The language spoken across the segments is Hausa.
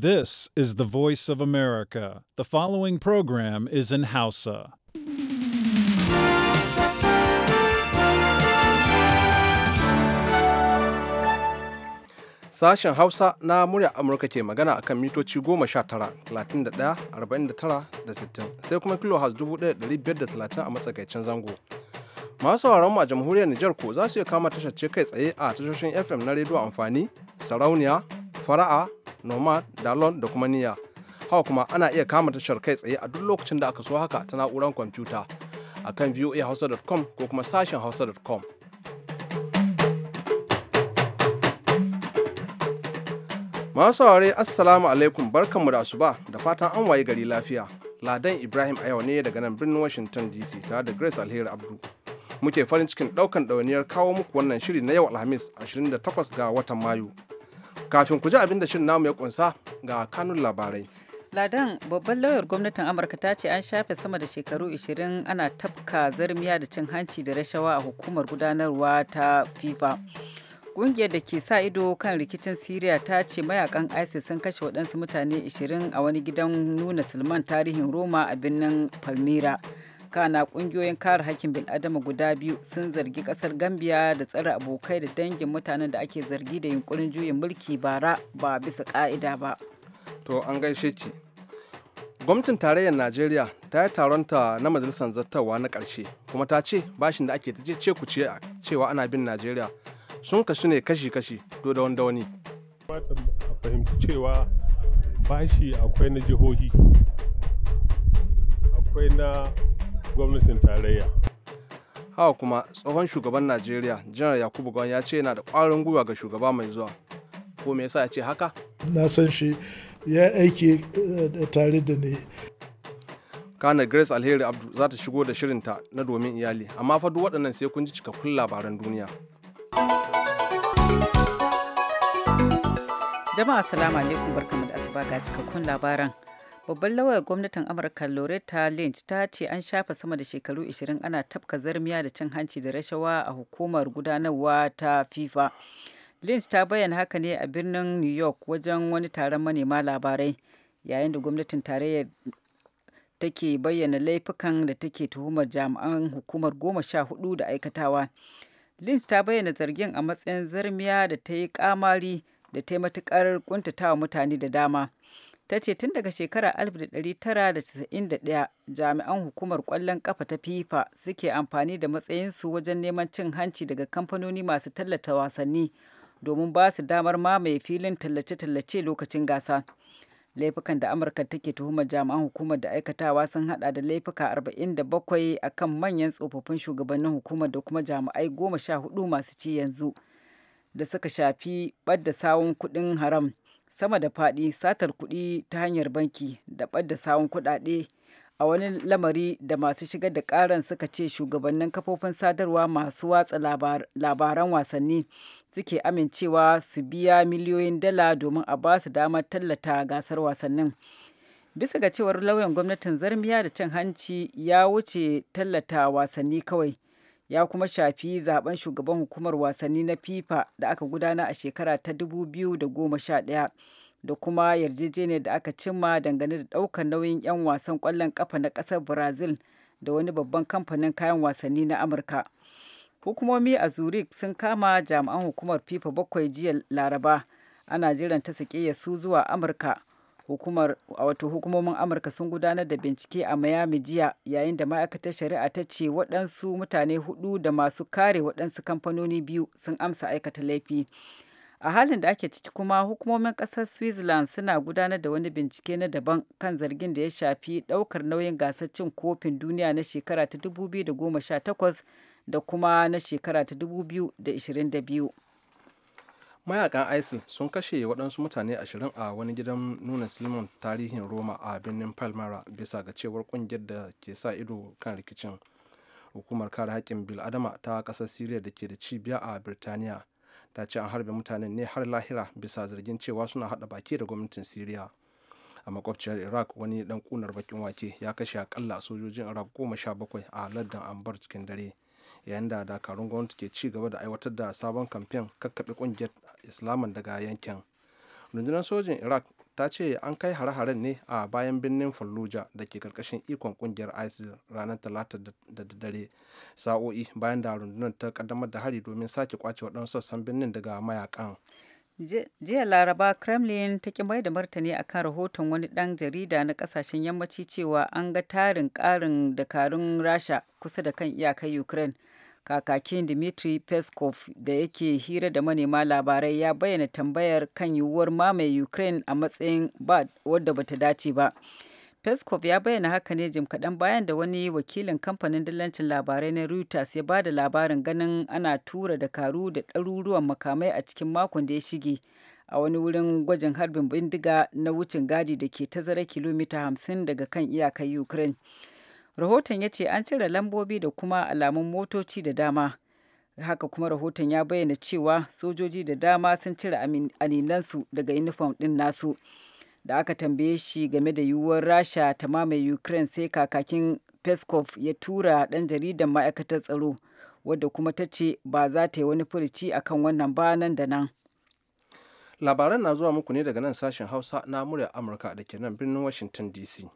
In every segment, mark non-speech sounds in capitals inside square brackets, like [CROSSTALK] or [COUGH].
This is the voice of America. The following program is in Hausa. Sashen Hausa na murya Amurka ke magana akan mitoci sha tara 49 da 60 sai kuma da 1530 a matsakaicin zango. Masu sauraron a jamhuriyar Nijar ko za su iya kama tashar ce kai tsaye a tashoshin FM na rediyo amfani, sarauniya, fara'a nomad dalon da kuma niyya hawa kuma ana iya kama tashar kai tsaye a duk lokacin da aka so haka ta na'urar kwamfuta a kan voahausa.com ko kuma sashen hausa.com masu saurare assalamu alaikum barkanmu da asuba da fatan an waye gari lafiya ladan ibrahim a yau ne daga nan birnin washington dc tare da grace alheri abdu muke farin cikin daukan dauniyar kawo muku wannan shiri na yau alhamis 28 ga watan mayu kafin ku ji abin da shirin namu ya kunsa ga kanun labarai ladan babban lauyar gwamnatin amurka ta ce an shafe sama da shekaru 20 ana tafka zarmiya da cin hanci da rashawa a hukumar gudanarwa ta fifa Ƙungiyar da ke sa ido kan rikicin Siriya ta ce mayakan ISIS sun kashe waɗansu mutane 20 a wani gidan nuna Sulman tarihin Roma a birnin Palmyra. kana kungiyoyin kare hakkin adama guda biyu sun zargi kasar gambia da tsare abokai da dangin mutanen da ake zargi da yunkurin juyin mulki bara ba bisa ka'ida ba to an gaishe ki gwamnatin tarayyar najeriya ta yi taronta na majalisar zartawa na karshe kuma ta ce bashin da ake ta ce ku cewa ana bin najeriya sun kasu ne kashi-kashi do da wanda wani fahimci cewa bashi akwai na jihohi akwai na gwamnatin tarayya haka kuma tsohon shugaban najeriya janar yakubu gwan ya ce yana da ƙwarin gwiwa ga shugaba mai zuwa ko me yasa ya ce haka na san shi ya aiki eh, tare da ni kana grace alheri abdu za ta shigo da shirinta na domin iyali amma fa duk waɗannan sai kun ji cikakkun labaran duniya jama'a salamu alaikum barkamu da asuba ga cikakkun labaran babban lawayar gwamnatin amurka loretta lynch ta ce an shafa sama da shekaru 20 ana tafka zarmiya da cin hanci da rashawa a hukumar gudanarwa ta fifa lynch ta bayyana haka ne a birnin new york wajen wani taron manema labarai yayin da gwamnatin tarayyar take bayyana laifukan da take tuhumar jami'an hukumar goma sha hudu da aikatawa lynch ta bayyana zargin a matsayin zarmiya da ta yi kamari da ta yi matukar kuntatawa mutane da dama ta ce tun daga shekarar 1991 jami'an hukumar kwallon kafa ta fifa suke amfani da matsayinsu wajen neman cin hanci daga kamfanoni masu tallata wasanni domin ba su damar mamaye filin tallace-tallace lokacin gasa laifukan da amurka take tuhumar jami'an hukumar da aikatawa sun hada da laifuka 47 a kan manyan tsofaffin shugabannin hukumar da kuma jami'ai 14 masu ci yanzu da suka shafi ɓadda sawun kuɗin haram sama da faɗi satar kuɗi ta hanyar banki da ɓadda sawun kuɗaɗe a wani lamari da masu shigar da ƙaran suka ce shugabannin kafofin sadarwa masu watsa labaran wasanni suke amincewa su biya miliyoyin dala domin a ba su damar tallata gasar wasannin bisa ga cewar lauyan gwamnatin zarmiya da cin hanci ya wuce tallata wasanni kawai ya kuma shafi zaben shugaban hukumar wasanni na FIFA da aka gudana a shekara ta 2011 da kuma yarjejeniyar da aka cimma dangane da ɗaukar nauyin 'yan wasan kwallon ƙafa na ƙasar Brazil da wani babban kamfanin kayan wasanni na Amurka. Hukumomi a Zurich sun kama jami'an hukumar FIFA bakwai jiya Laraba ana jiran ta su zuwa Amurka. hukumar wato hukumomin amurka sun gudanar da bincike a miami jiya yayin da ma'aikatar shari'a ta ce waɗansu mutane hudu da masu kare waɗansu kamfanoni biyu sun amsa aikata laifi a halin da ake ciki kuma hukumomin ƙasar switzerland suna gudanar da wani bincike na daban kan zargin da ya shafi ɗaukar nauyin gasar cin kofin duniya na shekara ta 2018 da kuma na shekara ta 2022 mayakan isil sun kashe waɗansu mutane ashirin a wani gidan nuna silman tarihin roma a birnin palmara bisa ga cewar ƙungiyar da ke sa ido kan rikicin hukumar kare haƙƙin bil'adama ta ƙasar siriya da ke da cibiya a birtaniya ta ce an harbe mutanen ne har lahira bisa zargin cewa suna haɗa baki da gwamnatin siriya a makwabciyar iraq wani dan kunar bakin wake ya kashe akalla sojojin iraq goma sha bakwai a lardin ambar cikin dare yayin da dakarun gwamnati ke ci gaba da aiwatar da sabon kamfen kakkaɓe kungiyar islamin daga yankin rundunar sojin iraq ta ce an kai hare-haren ne a bayan birnin fallujah da ke karkashin ikon kungiyar isis ranar talata da dare sa'o'i bayan da rundunar ta kaddamar da hari domin sake kwace waɗansu sassan birnin daga mayakan jiya laraba kremlin ta ki mai da martani akan rahoton wani ɗan jarida na ƙasashen yammaci cewa an ga tarin ƙarin dakarun rasha kusa da kan iyakar ukraine kakakin Dmitry Peskov da yake hira da manema labarai ya bayyana tambayar kan yiwuwar mamaye Ukraine a matsayin ba wadda bata dace ba. Peskov ya bayyana haka ne jim kaɗan bayan da wani wakilin kamfanin dillancin labarai na Reuters ya ba da labarin ganin ana tura dakaru da ɗaruruwan makamai a cikin makon da ya shige a wani wurin gwajin harbin bindiga na wucin gadi da ke tazara kilomita 50 daga kan iyakar Ukraine. rahoton ya ce an cire lambobi da kuma alamun motoci da dama haka kuma rahoton ya bayyana cewa sojoji da dama sun cire aninansu daga inifom ɗin nasu da aka tambaye shi game da yiwuwar rasha ta mamaye ukraine sai kakakin peskov ya tura ɗan jaridan ma'aikatar tsaro wadda kuma ta ce ba za ta yi wani furici akan wannan ba nan da nan labaran na zuwa muku ne daga nan sashen hausa na murya amurka da ke nan birnin washington dc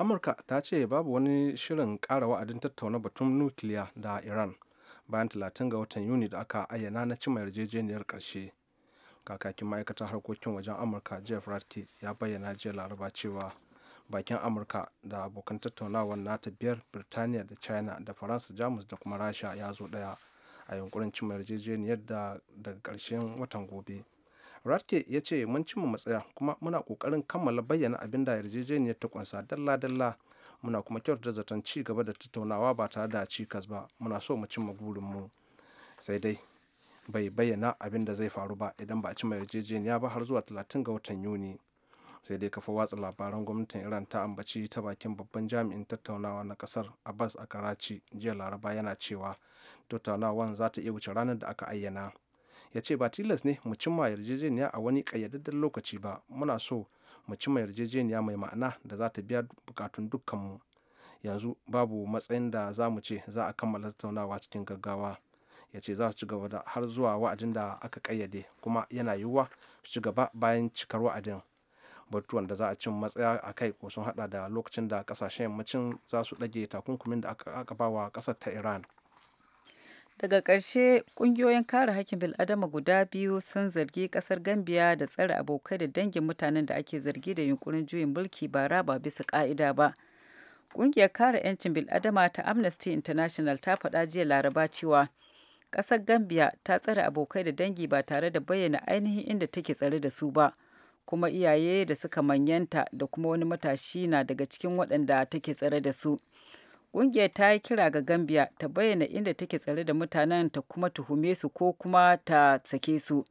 amurka ta ce babu wani shirin kara wa'adin tattauna batun nukiliya da iran bayan talatin ga watan yuni da aka ayyana na cimma yarjejeniyar ƙarshe kakakin ma'aikatar harkokin wajen amurka jeff ratke ya bayyana jiya laraba cewa bakin amurka da abokan tattaunawar nata biyar birtaniya da china da faransa jamus da kuma rasha ya zo daya a yunkurin cima yarjejeniyar da daga ƙarshen watan gobe ratke ya ce mun cimma matsaya kuma muna kokarin kammala bayyana abin da yarjejeniyar ta kunsa dalla-dalla muna kuma kyautata zaton ci gaba da tattaunawa ba tare da cikas ba muna so mu cimma mu. sai dai bai bayyana abin da zai faru ba idan ba a cimma yarjejeniya ba har zuwa 30 ga watan yuni sai dai kafa watsa labaran gwamnatin iran ta ambaci ta bakin babban jami'in tattaunawa na kasar abbas a karachi jiya laraba yana cewa tattaunawan za ta iya wuce ranar da aka ayyana ya ce ba tilas ne mu cimma yarjejeniya a wani ƙayyadadden lokaci ba muna so mu cimma yarjejeniya mai ma'ana da za ta biya bukatun dukkanmu yanzu babu matsayin da za mu ce za a kammala tattaunawa cikin gaggawa ya ce za su ci gaba da har zuwa wa'adin da aka kayyade kuma yana yiwuwa su ci gaba bayan cikar wa'adin batuwan da za a cin matsaya a kai ko sun hada da lokacin da kasashen yammacin za su ɗage takunkumin da aka bawa ƙasar ta iran daga ƙarshe ƙungiyoyin kare hakkin bil'adama guda biyu sun zargi ƙasar gambia da tsare abokai da dangin mutanen da ake zargi da yunkurin juyin mulki ba raba bisa ka'ida ba ƙungiyar kare 'yancin bil'adama ta amnesty international ta faɗa jiya laraba cewa ƙasar gambia ta tsare abokai da dangi ba tare da bayyana ainihin inda take tsare da su ba kuma iyaye da suka manyanta da kuma wani matashi na daga cikin waɗanda take tsare da su Ƙungiyar ta yi kira ga Gambia ta bayyana inda take tsare da mutanen ta kuma tuhume su ko kuma ta sake su.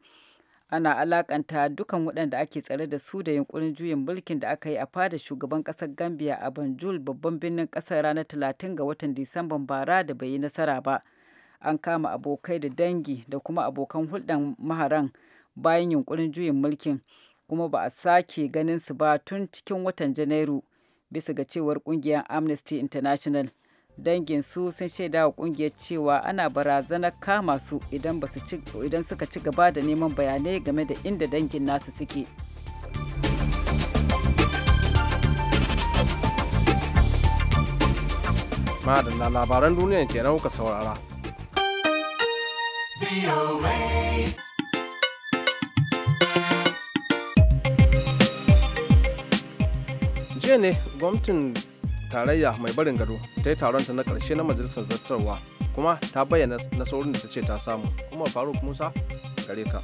Ana alakanta dukan waɗanda ake tsare da su da yunkurin juyin mulkin da aka yi a fada shugaban ƙasar Gambia a Banjul babban birnin ƙasar ranar talatin ga watan Disamban bara da bai yi nasara ba. An kama abokai da dangi da kuma abokan hulɗan maharan bayan yunkurin juyin mulkin kuma ba a sake ganin su ba tun cikin watan Janairu. bisa ga cewar kungiyar amnesty international dangin su sun shaida wa kungiyar cewa ana barazanar kama su idan suka ci gaba da neman bayanai game da inda dangin nasu suke madalla labaran duniya kenan kuka saurara. jiya ne gwamnatin tarayya mai barin gado ta yi taronta na karshe na majalisar zartarwa kuma ta bayyana nasarorin da ta ce ta samu kuma faruk musa gare ka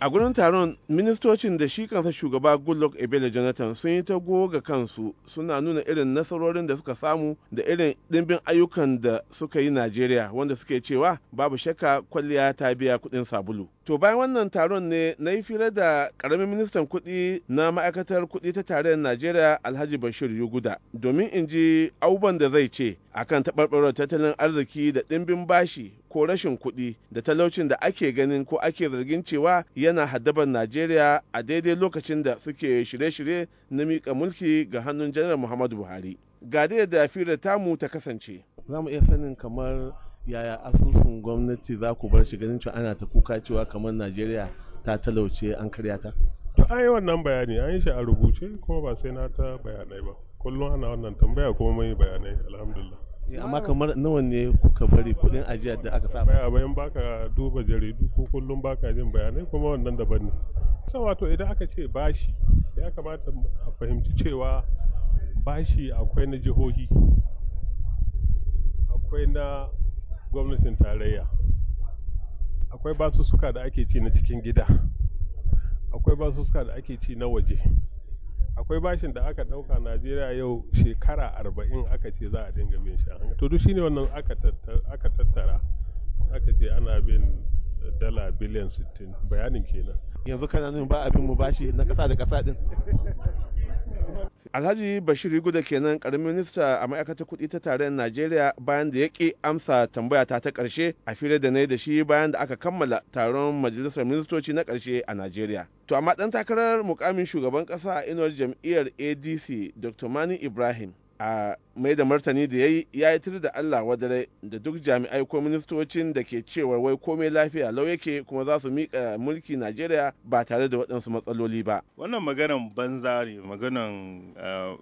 a gurin taron ministocin da shi kansa shugaba goodluck ebele jonathan sun yi ta goga kansu suna nuna irin nasarorin da suka samu da irin ɗimbin ayyukan da suka yi najeriya wanda suke cewa babu shakka kwalliya ta biya kuɗin sabulu To bayan wannan taron ne na yi fira da ƙaramin ministan kuɗi na ma'aikatar kuɗi ta tarayyar Najeriya Alhaji Bashir Yuguda domin in ji abubuwan da zai ce akan taɓarɓarar tattalin arziki da ɗimbin bashi ko rashin kuɗi da talaucin da ake ganin ko ake zargin cewa yana haddaban Najeriya a daidai lokacin da suke shirye-shirye na miƙa mulki ga hannun Janar Muhammadu Buhari. Ga da fira tamu ta kasance. Za mu iya sanin kamar yaya asusun gwamnati za ku bar shi ganin cewa ana ta kuka cewa kamar najeriya ta talauce an karya ta to an yi wannan bayani an yi shi a rubuce kuma ba sai na ta bayanai ba kullum ana wannan tambaya kuma mai bayanai alhamdulillah eh, amma kamar nawa ne kuka bari kudin ajiya da aka saba baya bayan baka duba jaridu ko kullum baka jin bayanai kuma wannan daban ne sai wato idan aka ce bashi ya kamata a fahimci cewa bashi akwai na jihohi akwai na gwamnatin tarayya akwai basussuka da ake ci na cikin gida akwai basussuka da ake ci na waje akwai bashin da aka ɗauka najeriya yau shekara arba'in aka ce za a dinga bin shi to duk shine wannan aka tattara aka ce ana bin dala biliyan 60 bayanin kenan yanzu kananin nuna ba abin mu bashi na kasa da kasa din [LAUGHS] Alhaji Bashir Guda kenan karamin minista a ma'aikatar kuɗi ta tarayyar Najeriya bayan da ya ki amsa tambaya ta ta ƙarshe a fira da na da shi bayan da aka kammala taron majalisar ministoci na karshe a Najeriya. To amma ɗan takarar mukamin shugaban ƙasa a inuwar jam'iyyar ADC Dr. Mani Ibrahim a mai da martani da ya yi ya yi da Allah wadare da duk jami'ai ko ministocin da ke cewa wai komai lafiya lau yake kuma za su miƙa mulki Najeriya ba tare da waɗansu matsaloli ba. Wannan maganan banza ne maganan eh,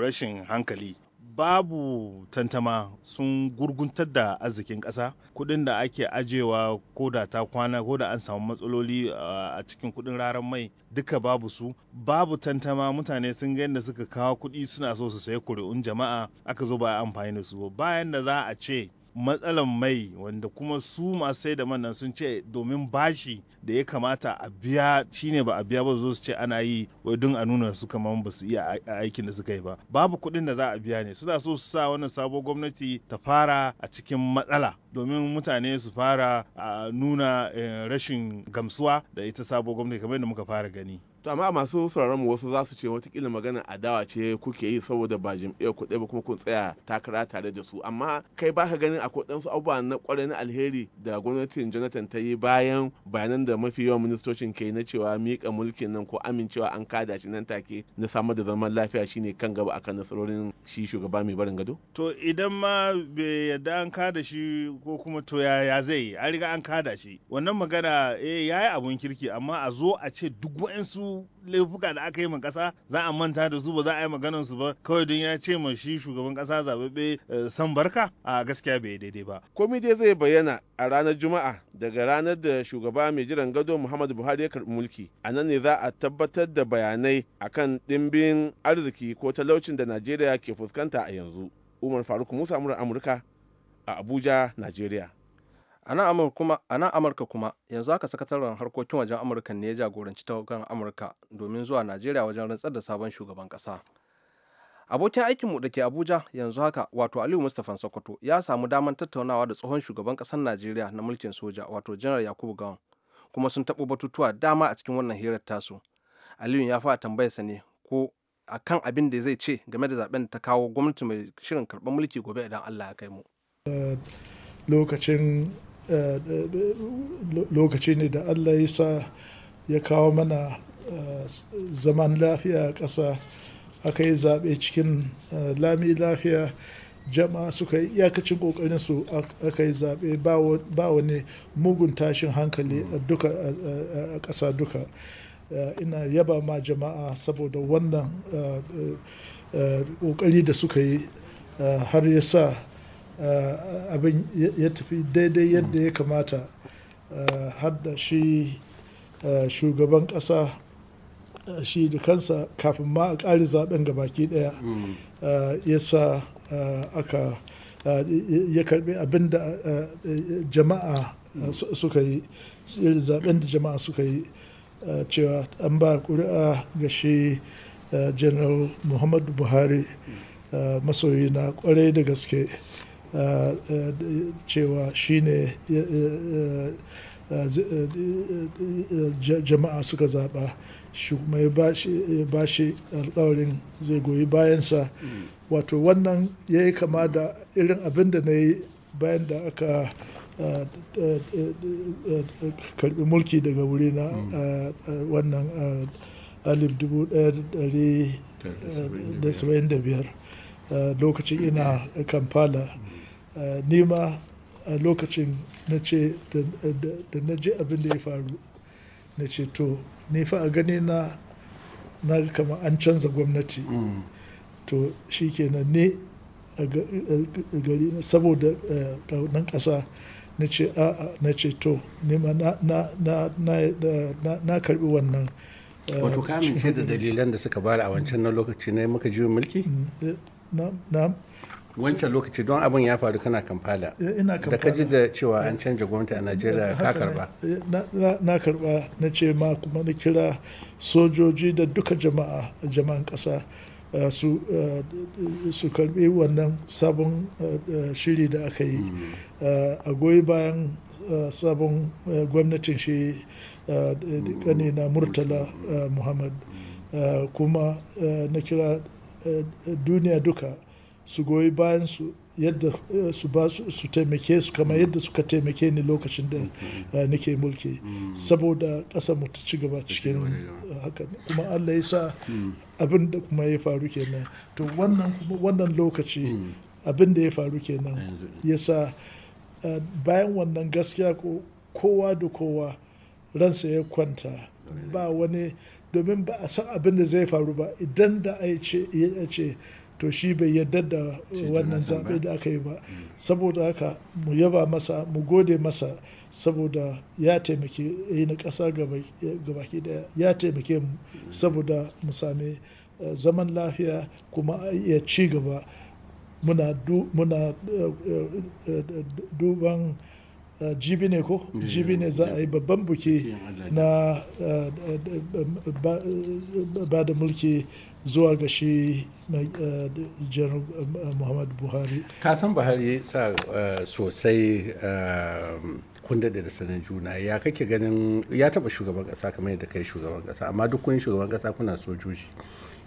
rashin hankali babu tantama sun gurguntar da arzikin ƙasa kuɗin da ake ajewa ko da ta kwana ko da an samu matsaloli eh, a cikin kuɗin raran mai duka babu su babu tantama mutane sun ga yadda suka kawo kuɗi suna so su sayi kuri'un jama'a aka zo ba amfani da su bayan da za a ce matsalan mai wanda kuma su masu sai da man nan sun ce domin bashi da ya kamata a biya shine ba a biya ba zo su ce ana yi wai don a nuna su kamar ba su iya aikin da suka yi ba babu kuɗin da za a biya ne suna so su sa wannan sabo gwamnati ta fara a cikin matsala domin mutane su fara a nuna eh, rashin gamsuwa da ita sabo gwamnati kamar yadda muka fara gani to amma masu sauraron mu wasu za su ce watakila magana adawa ce kuke yi saboda ba jam'iyyar ku ba kuma kun tsaya takara tare da su amma kai ba baka ganin akwai ɗansu abubuwa na ƙwarai na alheri da gwamnatin jonathan ta yi bayan bayanan da mafi yawan ministocin ke na cewa miƙa mulkin nan ko amincewa an kada shi nan take na samar da zaman lafiya shine kan gaba akan nasarorin shi shugaba mai barin gado to idan ma bai yadda an kada shi ko kuma to ya zai an riga an kada shi wannan magana eh yi abun kirki amma a zo a ce duk wa'ansu laifuka da aka yi ma kasa za a manta da su ba za a yi maganar su ba kawai don ya ce ma shi shugaban kasa zababe eh, san barka a gaskiya bai daidai ba komai dai zai bayyana a ranar juma'a daga ranar da shugaba mai jiran gado muhammadu buhari ya karbi mulki a nan ne za a tabbatar da bayanai akan dimbin arziki ko talaucin da najeriya ke fuskanta a yanzu umar faruk musa murar amurka a abuja najeriya A nan Amurka kuma, yanzu haka sakataren harkokin wajen Amurka ne ya jagoranci tawagar Amurka domin zuwa Najeriya wajen rantsar da sabon shugaban kasa Abokin aikinmu da ke Abuja yanzu haka wato Aliyu Mustapha Sokoto ya samu damar tattaunawa da tsohon shugaban ƙasar Najeriya na mulkin soja wato Janar Yakubu Gawan kuma sun taɓo batutuwa dama a cikin wannan hirar tasu. Aliyu ya fara tambayarsa ne ko a kan abin da zai ce game da zaben da ta kawo gwamnati mai shirin karɓar mulki gobe idan Allah ya kai mu. Eh, lokacin Eh, lokaci ne da allah ya sa ya kawo mana eh, zaman lafiya a ƙasa aka yi zaɓe cikin eh, lami lafiya jama'a suka yi iyakacin ƙoƙarin su aka yi zaɓe ba wani mugun tashin hankali a ƙasa duka ina yaba ma jama'a saboda wannan ƙoƙari da suka yi har ya sa abin ya tafi daidai yadda ya kamata har da shi shugaban ƙasa shi da kansa kafin ma a ƙari zaben ga baki daya ya sa aka ya karbi abin da jama'a suka yi zaben da jama'a suka yi cewa an ba ƙuri'a ga shi general muhammadu buhari masoyi na kwarai da gaske cewa shine eh, eh, eh, jama'a suka zaɓa shi kuma ya ba shi alkawarin zai goyi bayansa wato wannan ya yi kama da irin abin da na yi bayan da aka karbi mulki daga wuri na mm. wannan alif dubu da lokacin ina kampala mm. nema a lokacin na ce da na ji abin da ya faru na ce to fa a gani na na kama an canza gwamnati mm. to shi kenan ne a gari saboda nan ƙasa na ce a'a na ce to nema na karbi wannan wato kamince da dalilan da suka bada a wancan na lokaci na muka ji mulki? Mm, eh, na'am wancan lokaci don abin ya faru kana kamfala eh, da ka ji da cewa an canja gwamnati a eh, najeriya ka karba eh, na karba na ce ma kuma na kira sojoji da duka jama'a jama'an kasa su karbi wannan sabon shiri da aka yi mm. a goyi bayan sabon gwamnatin shi kane na murtala muhammad mm. kuma na kira duniya duka su goyi bayan su yadda eh, su ba su taimake su kama yadda suka taimake ni lokacin da mm-hmm. eh, nake mulki mm-hmm. saboda ƙasa mu ci gaba cikin haka kuma Allah ya sa mm. abin da kuma ya faru kenan to wannan wannan lokaci mm. abin da ya faru kenan ya sa eh, bayan wannan gaskiya kowa da kowa ransa ya kwanta ba wani domin ba a san abin da zai faru ba idan da a ce to shi bai yadda da wannan zaɓe da aka yi ba mm. saboda haka mu yaba masa mu gode masa saboda ya taimake yi na ƙasa gabaki daya ya taimake mu mm. saboda mu sami eh, zaman lafiya kuma ya ci gaba muna eh, eh, duban Eh, jibi ne ko eh, jibi ne za a yi babban buki na eh, ba da mulki zuwa ga shi muhammad buhari kasan buhari sa sosai kun da sanin juna ya kake ganin ya taba shugaban ƙasa kamar yadda kai shugaban ƙasa amma duk kun shugaban ƙasa kuna sojoji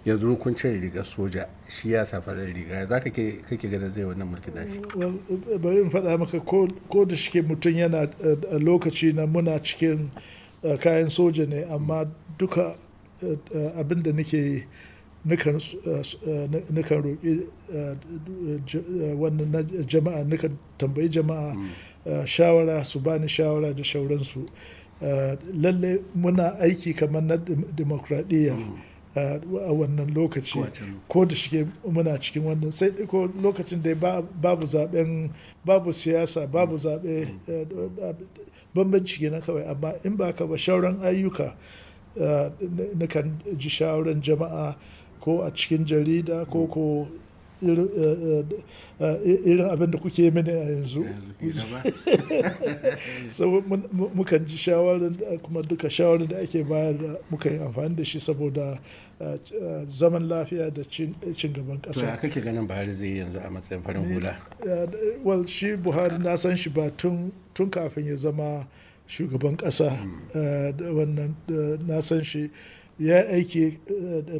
yanzu kun cire rigar soja shi ya safa da riga za ka kake ganin zai wannan mulkin shi. bari in faɗa maka ko da ke mutum yana a lokaci na muna cikin kayan soja ne amma duka abin da nake nukan roƙi wannan jama'a nukan tambayi jama'a hmm. shawara su bani shawara da shauransu lalle muna aiki kamar na demokradiyya hmm. a wannan lokaci ko da shige muna cikin wannan sai ko lokacin da babu zaben babu siyasa babu mm. zabe mm. eh, eh, bambanci kenan kawai amma in ba ka ba shauran ayyuka eh, na kan ji shawaran jama'a ko a cikin jarida ko mm. ko Eh, eh, eh, irin abin da kuke mini a yanzu saboda [LAUGHS] mukan ji shawarar kuma duka shawarar da ake bayar muka yi amfani da shi saboda zaman lafiya da cin gaban kasa to ya kake ganin buhari zai yanzu a matsayin farin hula well shi buhari na san shi ba tun kafin ya zama shugaban kasa hmm. wannan na san shi ya aiki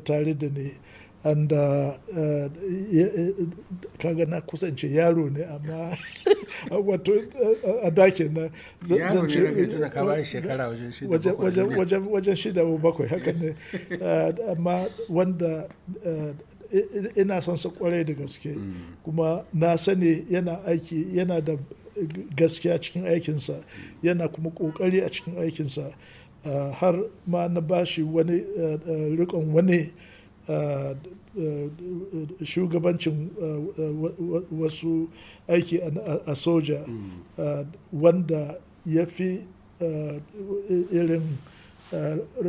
tare da ne da uh, uh, kaga na kusance yaro ne amma [LAUGHS] wato uh, a dakin na zance wajen shida ko bakwai haka ne [LAUGHS] amma wanda ina son sa kwarai da gaske mm. kuma na sani yana aiki yana da gaskiya cikin aikinsa yana kuma kokari a cikin aikinsa har ma na bashi wani rikon wani shugabancin uh, uh, wasu aiki a soja uh, wanda ya fi irin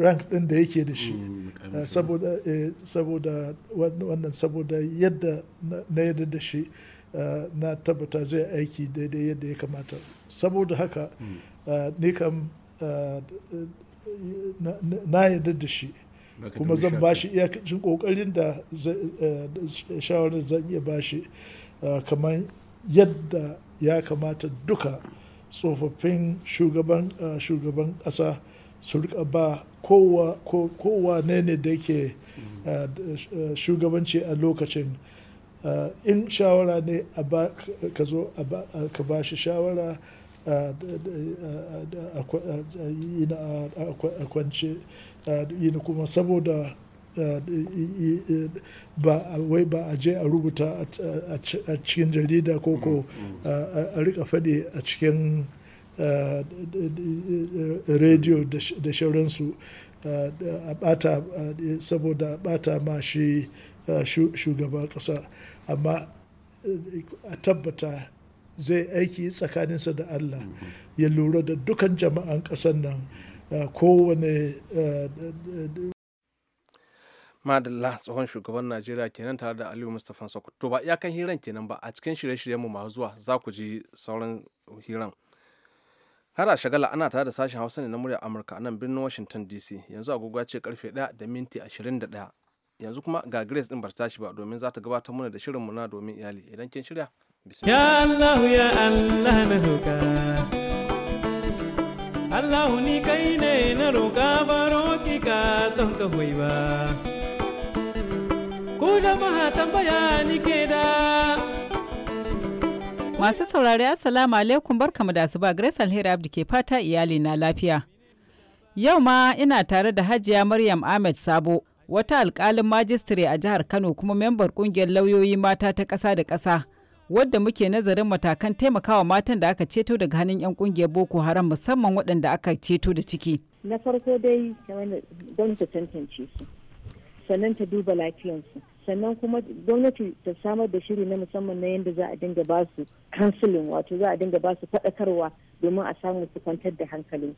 rank din da yake da shi mm, saboda eh, wannan saboda yadda na yadda da shi na tabbata zai aiki daidai yadda ya kamata saboda haka mm. ni kam na yadda da shi kuma zan ba shi iyakacin kokarin da eh, eh, shawarar zan iya ba shi eh, kamar yadda ya kamata duka tsofaffin shugaban ƙasa su rika ba kowa ne ne da ke mm-hmm. shugabanci a lokacin in shawara ne ka zo ka ba shi shawara a kwance kuma saboda wai ba a je a rubuta a cikin jarida ko ko a rika faɗi a cikin rediyo da shauransu a bata saboda bata ma shi shugaban ƙasa amma a tabbata zai aiki tsakaninsa da Allah ya lura da dukan jama'an ƙasar nan kowane madalla tsohon shugaban najeriya kenan tare da aliyu mustapha sokoto ba iyakan hiran kenan ba a cikin shirye-shiryenmu masu zuwa za ku ji sauran hiran har a shagala ana tare da sashen hausa ne na murya amurka a nan birnin washington dc yanzu agogo ce karfe 1 da minti 21 yanzu kuma ga grace din ba tashi ba domin za ta gabatar mana da shirinmu na domin iyali idan kin shirya Ya na ni ka don Masu saurari Assalamu alaikum barkamu da ba Grace Alheri Abdi ke fata iyali na lafiya Yau ma ina tare da Hajiya Maryam Ahmed Sabo wata alkalin majistire a jihar Kano kuma membar ƙungiyar lauyoyi mata ta ƙasa da ƙasa. wadda muke nazarin matakan taimakawa matan da aka ceto daga hannun 'yan kungiyar boko haram musamman waɗanda aka ceto da ciki na farko dai gwamnati tantance su sannan ta duba lafiyansu sannan kuma gwamnati ta samar da shiri na musamman na yadda za a dinga ba su kansulin wato za a dinga ba su faɗakarwa domin a samu su kwantar da hankali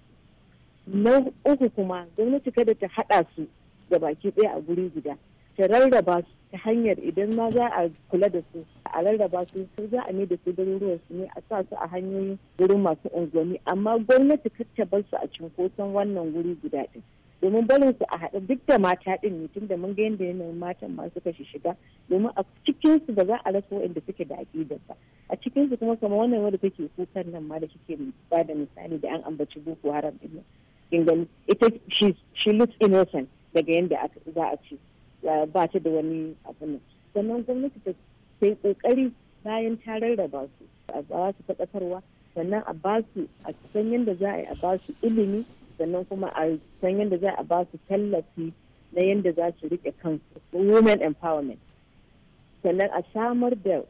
na uku kuma gwamnati kada ta haɗa su da baki ɗaya a guri guda ta rarraba su ta hanyar idan ma za a kula da su a rarraba su sai za a da su garuruwan su ne a sa su a hanyoyin wurin masu unguwanni amma gwamnati kar ta bar su a cinkoson wannan wuri guda ɗin domin barin su a haɗa duk da mata ɗin ne tunda mun ga yadda yanayin matan ma suka shiga domin a cikin su ba za a rasa waɗanda suke da aƙidar ba a cikin su kuma kamar wannan wanda kake kukan nan ma da kike ba da misali da an ambaci boko haram ɗin nan ita she looks innocent daga yadda za a ce ba ta da wani abin sannan gwamnati ta yi kokari bayan ta rarraba su a ba su faɗakarwa sannan a ba su a san yadda za a yi a ba su ilimi sannan kuma a san yadda za a ba su tallafi na yadda za su riƙe kansu women empowerment sannan a samar da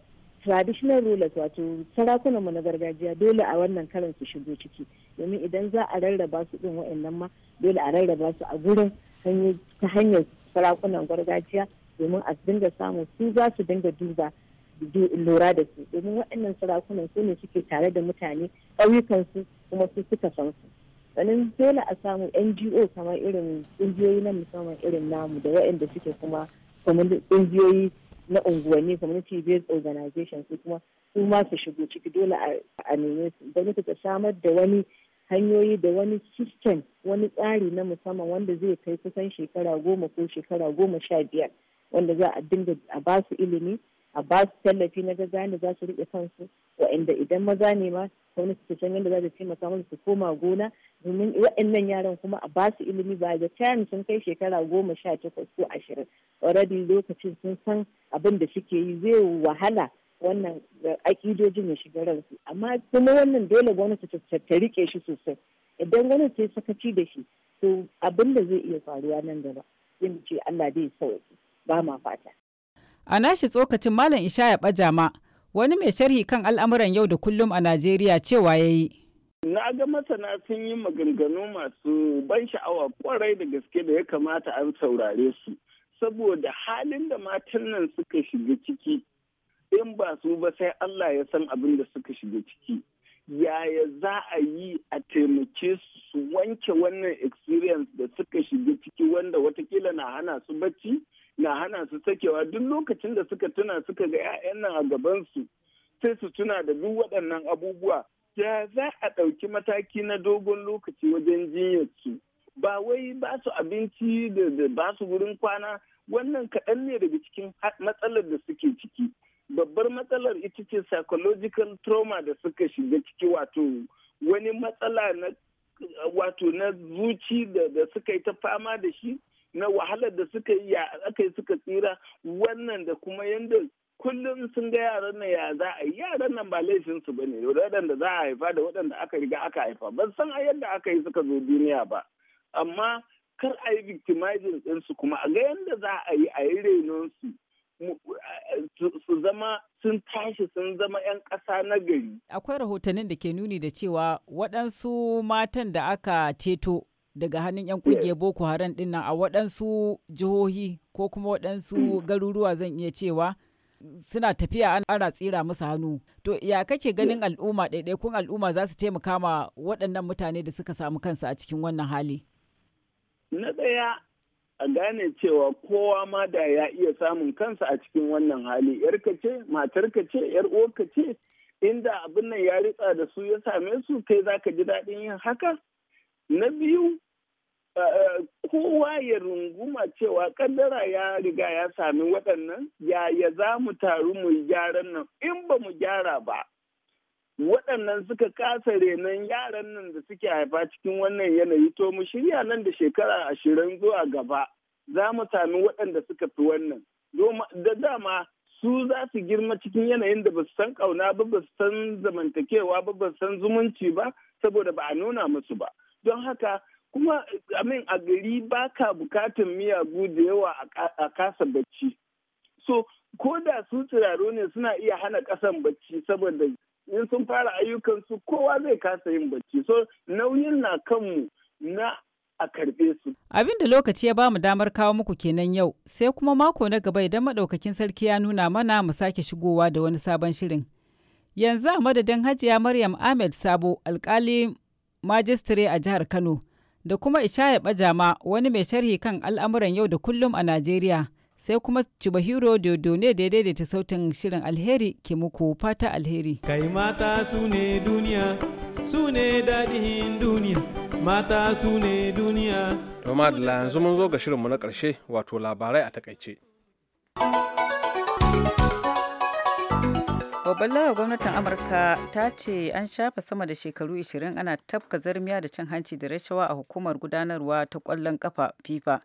traditional rulers wato sarakunan mu na gargajiya dole a wannan karin su shigo ciki domin idan za a rarraba su ɗin wa'annan ma dole a rarraba su a gurin ta hanyar sarakunan gargajiya domin a dinga samu su za su dinga duba lura da su domin waɗannan sarakunan su ne suke tare da mutane ƙauyukansu kuma su suka san su sannan dole a samu ngo kamar irin ƙungiyoyi na musamman irin namu da waɗanda suke kuma ƙungiyoyi na unguwanni community based organization su kuma su ma su shigo ciki dole a neme su gwamnati ta samar da wani hanyoyi da wani system wani tsari na musamman wanda zai kai kusan shekara goma ko shekara goma sha biyar wanda za a dinga a ba su ilimi a ba su tallafi na gaza da za su riƙe kansu wa'inda idan maza ne ma wani su san yadda za ta taimaka musu su koma gona domin waɗannan yaran kuma a ba su ilimi ba da time sun kai shekara goma sha takwas ko ashirin already lokacin sun san abin da suke yi zai wahala wannan aƙidojin ya shiga ransu amma kuma wannan dole gwamnati ta rike shi sosai idan gwamnati ta sakaci da shi to abin da zai iya faruwa nan gaba yin ce Allah dai sauki ba ma fata a nashi tsokacin malam ishaya bajama wani mai sharhi kan al'amuran yau da kullum a Najeriya cewa ya yi. na ga masana sun yi maganganu masu ban sha'awa kwarai da gaske da ya kamata an saurare su saboda halin da matan nan suka shiga ciki in ba su ba sai Allah ya san abin da suka shiga ciki yaya za a yi a taimake su wanke wannan experience da suka shiga ciki wanda watakila na hana su bacci na hana su sakewa duk lokacin da suka tuna suka ga 'ya'yan nan a gabansu sai su tuna da duk waɗannan abubuwa ya za a ɗauki mataki na dogon lokaci wajen jinyarsu ba wai ba su abinci da ba su wurin kwana wannan kaɗan ne daga cikin matsalar da suke ciki babbar matsalar ita ce psychological trauma da suka shiga ciki wato wani matsala na wato na zuci da suka yi ta fama da shi na wahalar da suka yi ya aka yi suka tsira wannan da kuma yadda kullum sun ga yaran nan ya za a yi yaran nan ba laifinsu ba ne waɗanda za a haifa da waɗanda aka riga aka haifa ban san a yadda aka yi suka zo duniya ba amma kar a yi victimizing ɗinsu kuma a ga yadda za a yi a yi renonsu Eh, su zama sun tashi sun zama 'yan ƙasa na gari. Akwai rahotannin da ke nuni da cewa waɗansu matan da aka ceto daga hannun 'yan ƙungiyar Boko Haram ɗin a waɗansu jihohi ko kuma waɗansu hmm. garuruwa zan iya cewa suna tafiya ana tsira musu hannu. To ya kake ganin al'umma ɗaiɗaikun al'umma za su taimaka ma waɗannan mutane da suka samu kansu a cikin wannan hali? Na ɗaya a gane cewa kowa ma da ya iya samun kansa a cikin wannan hali yarka ce matarka ce yar uwarka ce inda abin nan ya ritsa da su ya same su kai za ka ji daɗin yin haka na biyu kowa ya runguma cewa kaddara ya riga ya sami waɗannan yaya za mu taru mu gyaran nan in ba mu gyara ba waɗannan suka kasa renon yaran nan da suke haifa cikin wannan yanayi to mu shirya nan da shekara ashirin zuwa gaba za mu sami waɗanda suka fi wannan da dama su za su girma cikin yanayin da ba su san ƙauna ba ba su san zamantakewa ba ba su san zumunci ba saboda ba a nuna musu ba don haka kuma amin a gari ba ka bukatan miyagu da yawa a kasa bacci so ko da su turaro ne suna iya hana ƙasan bacci saboda in sun fara ayyukansu kowa zai kasa yin bacci so nauyin na kanmu na a karɓe su. Abin da lokaci ya bamu damar kawo muku kenan yau sai kuma mako na gaba idan maɗaukakin sarki ya nuna mana mu sake shigowa da wani sabon shirin. Yanzu a madadin Hajiya Maryam Ahmed Sabo alkali majistare a jihar Kano da kuma Ishaya Bajama wani mai sharhi kan al'amuran yau da kullum a Najeriya. sai kuma Chibahiro Dodo ne da ta daidaita sautin shirin alheri ke muku fata alheri. Kai mata su ne duniya, su ne daɗin duniya, mata su ne duniya. Toma da yanzu mun zo ga shirinmu na ƙarshe wato labarai a takaice. babban lawa gwamnatin amurka ta ce an shafa sama da shekaru 20 ana tafka zarmiya da cin hanci da rashawa a hukumar gudanarwa ta kwallon kafa fifa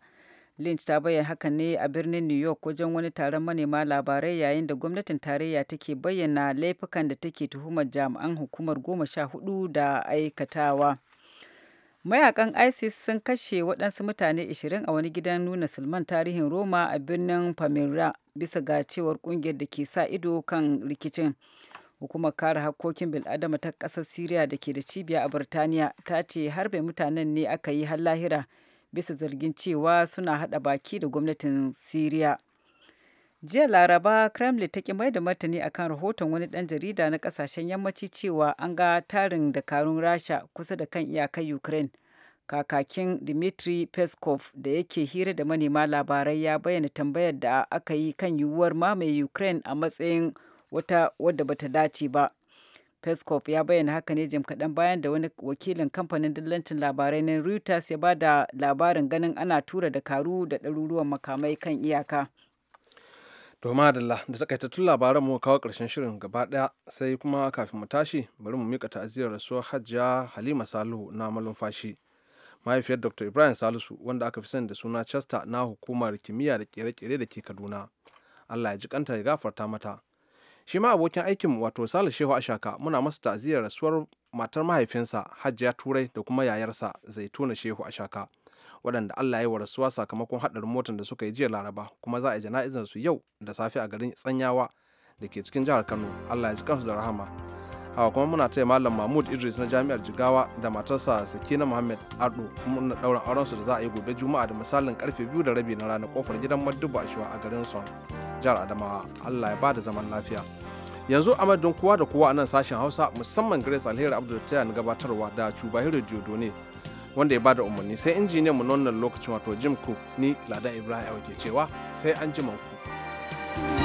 Lynch ta bayyana hakan ne a birnin New York wajen wani taron manema labarai yayin da gwamnatin tarayya take bayyana laifukan da take tuhumar jami'an hukumar goma sha hudu da aikatawa. Mayakan ISIS sun kashe waɗansu mutane 20 a wani gidan nuna Sulman tarihin Roma a birnin Pamira bisa ga cewar ƙungiyar da ke sa ido kan rikicin. Hukumar kare hakkokin bil'adama ta ƙasar Siriya da ke da cibiya a Birtaniya ta ce harbe mutanen ne aka yi har lahira. bisa zargin cewa suna hada baki da gwamnatin Siriya. Jiya Laraba, Kremlin ta ki mai da martani akan rahoton wani ɗan jarida na ƙasashen yammaci cewa an ga tarin dakarun Rasha kusa da kan iyakar Ukraine. Kakakin Dmitry Peskov da yake hira da manema labarai ya bayyana tambayar da aka yi kan yiwuwar mamaye Ukraine a matsayin wata wadda bata dace ba. Peskov ya bayyana haka ne jim kaɗan bayan da wani wakilin kamfanin dillancin labarai na Reuters ya bada labarin ganin ana tura da karu da ɗaruruwan makamai kan iyaka. Doma Adalla da takaitattun labaran mu kawo ƙarshen shirin gaba ɗaya sai kuma kafin mu tashi bari mu mika ta'aziyar rasuwar Hajiya Halima Salihu na malumfashi. Mahaifiyar Dr. Ibrahim Salisu wanda aka fi sani da suna Chester na hukumar kimiyya da kere-kere da ke Kaduna. Allah ya ji kanta ya gafarta mata. shi ma abokin aikin wato sale shehu ashaka muna masa ta'aziyar rasuwar matar mahaifinsa hajjiya turai da kuma yayarsa zaituna shehu ashaka waɗanda allah ya yi wa rasuwa sakamakon haɗarin motar da suka yi jiya laraba kuma za a yi jana'izar su yau da safe a garin tsanyawa da ke cikin jihar kano allah ya ji kansu da rahama hawa kuma muna taya malam mahmud idris na jami'ar jigawa da matarsa sakina muhammad ardo muna ɗaurin aurensu da za a yi gobe juma'a da misalin karfe biyu da rabi na ranar kofar gidan maduba a garin son jihar adamawa allah ya bada zaman lafiya yanzu a madadin kowa da kowa a nan sashen hausa musamman grace alheri abdul na gabatarwa da cubahiru ne wanda ya bada umarni sai injiniyan mu nonnan lokacin wato jim cook ni ladan ibrahim ke cewa sai an ku. thank you